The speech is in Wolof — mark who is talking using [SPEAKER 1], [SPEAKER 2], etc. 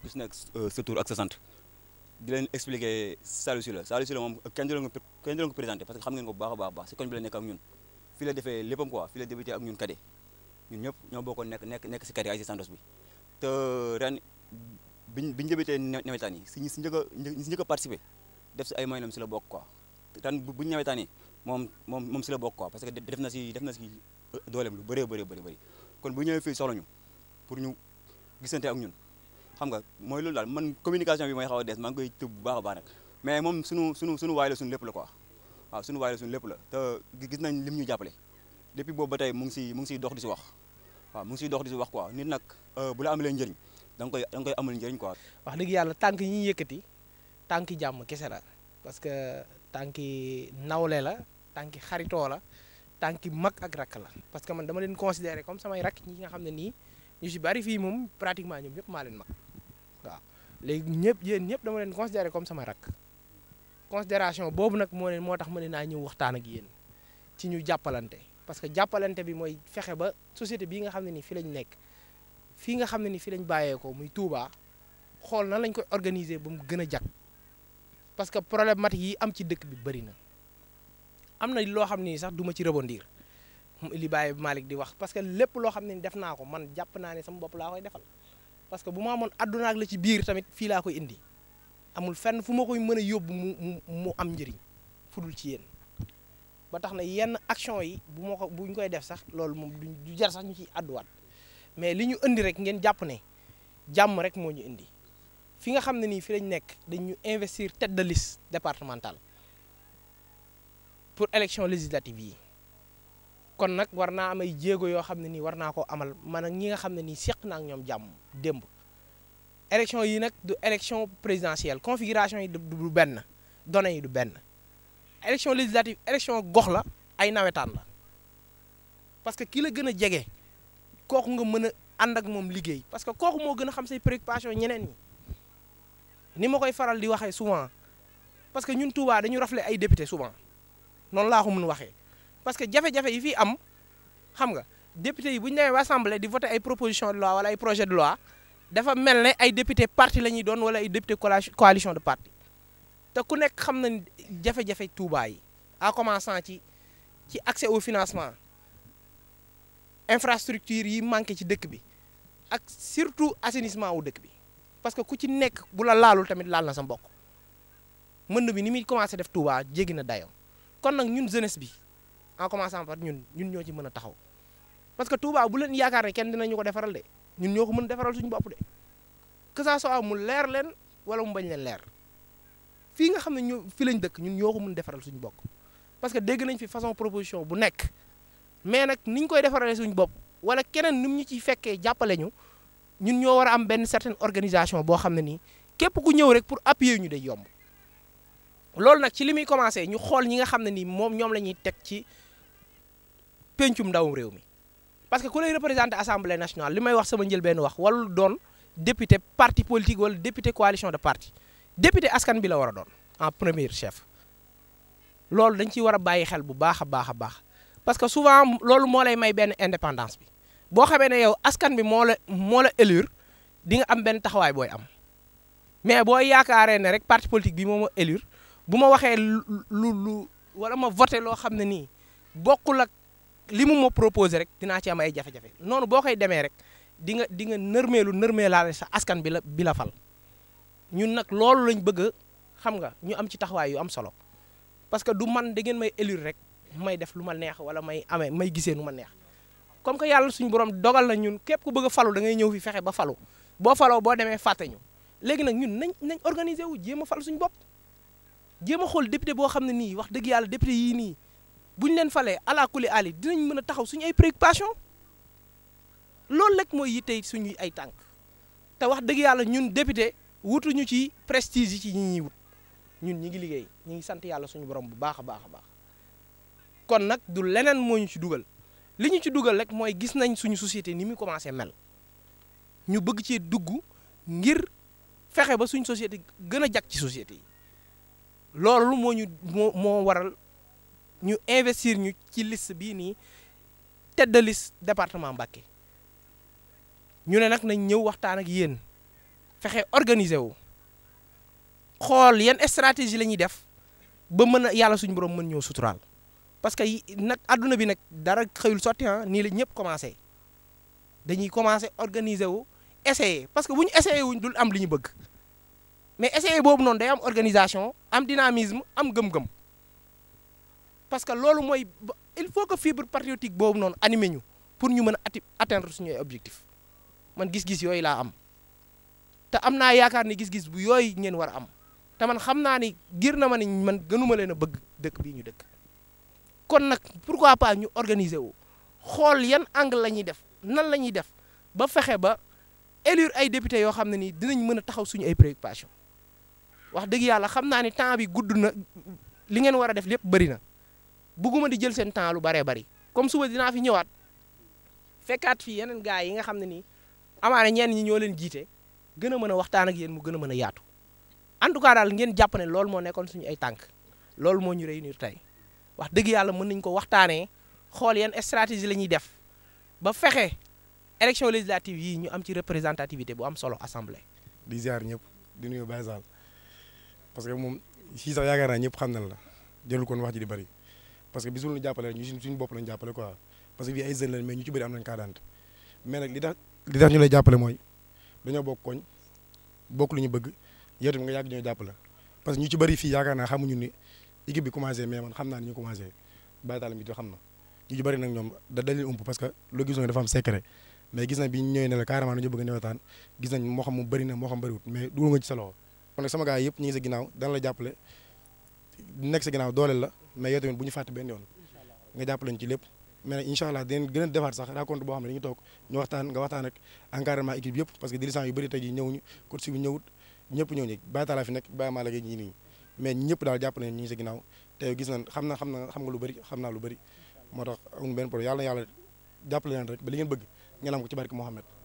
[SPEAKER 1] ku si nekk euh, sa tur ak sa sant di leen expliquer Saliou Sylla Saliou Sylla moom kenn du leen ko kenn du leen présenté parce que xam ngeen ko bu baax a baax baax si koñ bi la nekk ak ñun fii la defee léppam quoi fii la débuté ak ñun cadet ñun ñëpp ñoo bokkoon nekk nekk nekk si cadet ay si Santos bi te ren biñ biñu débuté nawetaan si si njëkk njëkk a participé def si ay moyenam si la bokk ko ren buñu nawetaan yi moom moom moom si la bokk quoi parce que def na si def na si euh, dooleem lu bëree bëri bëri bëri kon bu ñëwee fii soxla ñu pour ñu gisante ak ñun xam nga mooy loolu daal man communication bi mooy xaw a des maa koy tëb bu baax a baax nag mais moom sunu sunu sunu waay la lépp la quoi waaw sunu waay su sunu lépp la te gis nañ lim ñu jàppale depuis boobu ba tey mu ngi si mu ngi siy dox di si wax waaw mu ngi siy dox di si wax quoi nit nag euh, bu la amalee njëriñ da danga koy da nga koy amal wax dëgg
[SPEAKER 2] yàlla tànk yi ñuy yëkkati tànk jàmm kese la parce que tànki nawle la tànki xaritoo la tànki mag ak rakk la parce que man dama leen considéré comme samay rakk ñi nga xam ne nii ñu si bari fii moom pratiquement ñoom ñëpp maa leen mag waaw léegi ñëpp yéen ñëpp dama leen considéré comme sama rakk considération boobu nag moo leen moo tax ma ne naa ñëw waxtaan ak yéen ci ñu jàppalante parce que jàppalante bi mooy fexe ba société bii nga xam ne nii fi lañ nekk fii nga xam ne ni fi lañ bàyyeekoo muy Touba xool nan lañ koy organiser ba mu gën a jag parce que problématique yi am ci dëkk bi bëri na am na loo xam ne sax duma ma ci rebondir li bàyyi Malick di wax parce que lépp loo xam ne def naa ko man jàpp naa ne sama bopp laa koy defal. parce que bu ma amoon àdduna la ci biir tamit fii laa koy indi amul fenn fu ma koy mën a yóbbu mu mu am njëriñ fu dul ci yéen ba tax na yenn action yi bu ma ko buñ koy def sax loolu moom du jar sax ñu ciy àdduwaat mais li ñu indi rek ngeen jàpp ne jàmm rek moo ñu indi fi nga xam ne nii fi lañ nekk dañ ñu investir tête de liste départementale pour élection législative yi. kon nag war naa am ay jéego yoo xam ne nii war naa ko amal man a ñi nga xam ne nii seq naa ak ñoom jàmm démb élection yi nag du élection présidentielle configuration yi du benn données yi du benn élection législative élection gox la ay nawetaan la parce que ki la gën a jege kooku nga mën a ànd ak moom liggéey parce que kooku moo gën a xam say préoccupation ñeneen ñi ni ma koy faral di waxee souvent parce que ñun Touba dañu rafle ay député souvent noonu laa ko mun waxee parce que jafe-jafe yi fi am xam nga député yi bu ñu demee ba assemblée di voter ay proposition de loi wala ay projet de loi dafa mel ne ay député parti la ñuy doon wala ay député coalition de parti te ku nekk xam na jafe-jafe Touba yi en ci ci accès au financement infrastructure yi manqué ci dëkk bi ak surtout assainissement wu dëkk bi parce que ku ci nekk bu la laalul tamit laal na sa mbokk mën na bi ni muy commencé def Touba jéggi na dayoo kon nag ñun jeunesse bi en commençant par ñun ñun ñoo ci mën a taxaw parce que Touba bu leen yaakaar ne kenn dinañu ko defaral de ñun ñoo ko mën defaral suñu bopp de que ça soit leer leen wala mu leen leer fii nga xam ne ñu fi lañ dëkk ñun ñoo ko mën defaral suñu bopp parce que dégg nañ fi façon proposition bu nekk mais nag niñ koy defaralee suñu bopp wala keneen ni mu ñu ciy fekkee jàppale ñu ñun ñoo war a am benn certaine organisation boo xam ne nii képp ku ñëw rek pour appuyer ñu day yomb loolu nag ci li muy commencé ñu xool ñi nga xam ne nii moom ñoom la ñuy teg ci pencum ndawum réew mi parce que ku lay représenté assemblée nationale li may wax sama njël benn wax warul doon député parti politique wala député coalition de parti député askan bi la war a doon en premier chef loolu dañ ciy war a bàyyi xel bu baax a baax a baax parce que souvent loolu moo lay may benn indépendance bi boo xamee ne yow askan bi moo la moo la élire di nga am benn taxawaay booy am mais boo yaakaaree ne rek parti politique bi moom ma élire bu ma waxee lu lu wala ma voté loo xam ne nii bokkul li mu ma proposé rek dinaa ci am ay jafe-jafe noonu boo koy demee rek dinga nga di nga nërmeelu nërmeelaale sa askan bi la bi la fal ñun nag loolu lañ bëgg xam nga ñu am ci taxawaay yu am solo parce que du man da ngeen may élire rek may def lu ma neex wala may amee may gisee nu ma neex comme que yàlla suñu borom dogal na ñun képp ku bëgg a falu da ngay ñëw fi fexe ba falu boo faloo boo demee fàtte ñu léegi nag ñun nañ nañ organiser wu jéem a fal suñu bopp jéem a xool député boo xam ne nii wax dëgg yàlla député yii nii bu ñu leen falee ala kulli ali dinañ mën a taxaw suñu ay préoccupation loolu rek mooy yitte suñuy ay tànk te wax dëgg yàlla ñun député wutuñu ci prestige yi ci ñu ñuy wut ñun ñi ngi liggéey ñi ngi sant yàlla suñu borom bu baax a baax baax kon nag du leneen moo ñu ci dugal li ñu ci dugal rek mooy gis nañ suñu société ni muy commencé mel ñu bëgg ci dugg ngir fexe ba suñu société gën a jag ci société yi loolu moo ñu moo moo waral ñu investir ñu ci liste bii nii tête de liste département Mbacké ñu ne nag nañ ñëw waxtaan ak yéen fexe organiser wu xool yan stratégie la ñuy def ba mën a yàlla suñu borom mën ñëw suturaal parce que nag adduna bi nag dara xëyul sotti ah nii la ñëpp commencé dañuy commencé organiser wu essayer parce que bu ñu wuñ dul am li ñu bëgg mais essayer boobu noonu day am organisation am dynamisme am gëm-gëm. parce que loolu mooy il faut que fibre patriotique boobu noonu animé ñu pour ñu mën a atteindre suñuy objectif man gis-gis yooyu laa am te am naa yaakaar ni gis-gis bu yooyu ngeen war a am te man xam naa ni giir na ma ni man gënuma leen a bëgg dëkk bii ñu dëkk kon nag pour pourquoi pas ñu organiser wu xool yan angle la ñuy def nan la ñuy def ba fexe ba élire ay député yoo xam ne nii dinañ mën a taxaw suñu ay préoccupation wax dëgg yàlla xam naa ni temps bi gudd na li ngeen war a def lépp bëri na bugguma di jël seen temps lu baree bari comme suba dinaa fi ñëwaat fekkaat fii yeneen gars yi nga xam ne nii amaana ñenn ñi ñoo leen jiite gën a mën a waxtaan ak yéen mu gën a mën a yaatu en tout cas daal ngeen jàpp ne loolu moo nekkoon suñu ay tànk loolu moo ñu réunir tey wax dëgg yàlla mën nañ ko waxtaanee xool yan stratégie la ñuy def ba fexe élection législative yi ñu am ci représentativité bu am solo assemblée. di ziar ñëpp di
[SPEAKER 3] nuyu Baye Sall parce que moom si sax yaakaar ñëpp xam na la jëlul kon wax ji di bari. parce que bisul ñu jàppale rek ñu suñu bopp lañ jàppale quoi parce que fii ay jeunes lañ mais ñu ci bëri am nañ carte d'identité mais nag li ñu lay jàppale mooy dañoo bokk koñ bokk lu ñu bëgg yow tamit nga ñoo jàppale parce que ñu ci bëri fii yaakaar naa xamuñu ni équipe bi commencé mais man xam naa ni ñu commencé bàyyi taalam bi ñu ñoom da que loo gisoon dafa am secret mais gis nañ bi ñu ñëwee ne la carrément dañoo bëgg nawetaan gis nañ moo xam mu bëri na moo xam bëriwut mais dugal nga ci sa loxo kon sama gars yëpp ñu ngi sa ginnaaw dana la jàppale nekk sa ginnaaw dooleel la ma yow tamit bu ñu fàtte benn yoon nga jàppale ñu ci lépp mais nag incha allah dinañ gën a defaat sax rencontre boo parce que dirigeants yu bëri tey jii ñëwuñu coach bi ñëwut ñëpp ñëw ñu bàyyi taalaa fi nekk daal jàpp nañ ñu ngi sa ginnaaw te gis na xam na xam nga lu bëri xam naa lu bëri moo tax amul benn problème na yàlla jàppale leen rek ba li ngeen